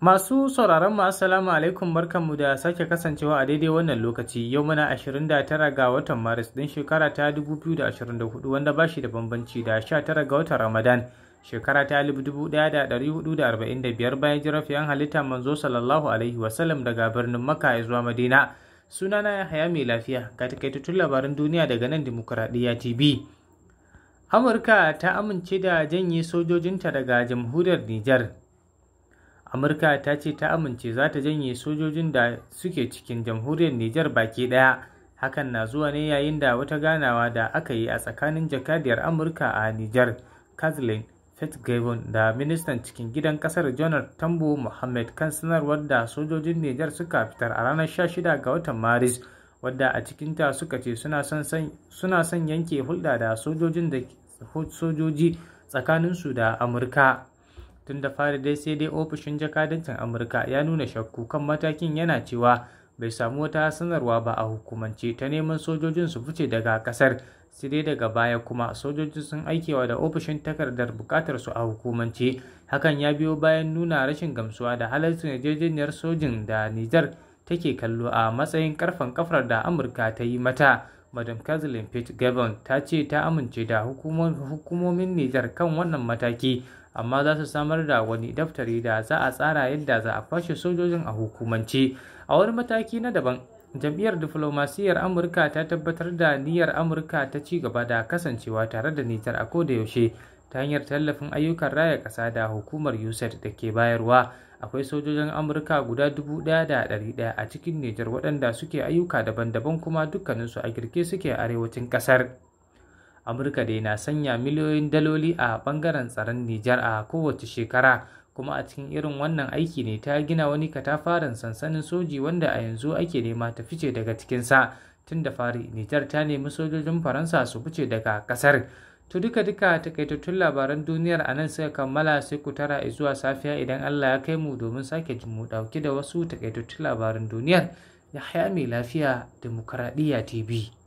Masu sauraron mu assalamu alaikum barkanmu da sake kasancewa a daidai wannan lokaci yau muna 29 ga watan Maris din shekara ta 2024 wanda ba shi da bambanci da 19 ga watan Ramadan shekara ta 1445 bayan jirafiyan halitta manzo sallallahu alaihi wasallam daga birnin Makka zuwa Madina. Sunana ya mai lafiya ga takaitattun labarin duniya daga nan Dimokuraɗiyya TV. Amurka ta amince da janye sojojinta daga jamhuriyar Nijar. amurka ta ce ta amince za ta janye sojojin da suke cikin jamhuriyar nijar baki daya hakan na zuwa ne yayin da wata ganawa da aka yi a tsakanin jakadiyar amurka a nijar kathleen fitzgibbon da ministan cikin gidan kasar janar tambo mohammed kan sanarwar da sojojin nijar suka fitar a ranar 16 ga watan maris wadda a cikinta suka ce suna son yanke hulɗa da sojoji tsakaninsu da amurka tun da fari dai sai dai ofishin jakadancin amurka ya nuna shakku kan matakin yana cewa bai samu wata sanarwa ba a hukumance ta neman sojojin su fice daga kasar sai dai daga baya kuma sojojin sun aikewa da ofishin takardar bukatar su a hukumance hakan ya biyo bayan nuna rashin gamsuwa da halarcin yarjejeniyar sojin da nijar take kallo a matsayin karfan kafar da amurka ta yi mata madam kazilin pete gabon ta ce ta amince da hukumomin nijar kan wannan mataki amma za su samar da wani daftari da za a tsara yadda za a kwashe sojojin a hukumance a wani mataki na daban jam'iyyar diflomasiyyar amurka ta tabbatar da niyyar amurka ta ci gaba da kasancewa tare da nijar a koda yaushe ta hanyar tallafin ayyukan raya ƙasa da hukumar usaid da ke bayarwa akwai sojojin amurka guda dubu ɗaya da ɗari ɗaya a cikin nijar waɗanda suke ayyuka daban-daban kuma dukkaninsu a girke suke arewacin ƙasar amurka dai na sanya miliyoyin daloli a ɓangaren tsaron nijar a kowace shekara kuma a cikin irin wannan aiki ne ta gina wani katafaren sansanin soji wanda a yanzu ake nema ta fice daga cikinsa tun da fari nijar ta nemi sojojin faransa su fice daga kasar to duka duka takaitattun labaran duniyar a nan suka kammala sai ku tara zuwa safiya idan allah ya kai mu domin sake jin mu dauki da wasu takaitattun labaran duniyar Yahaya mai lafiya dimokuraɗiyya tv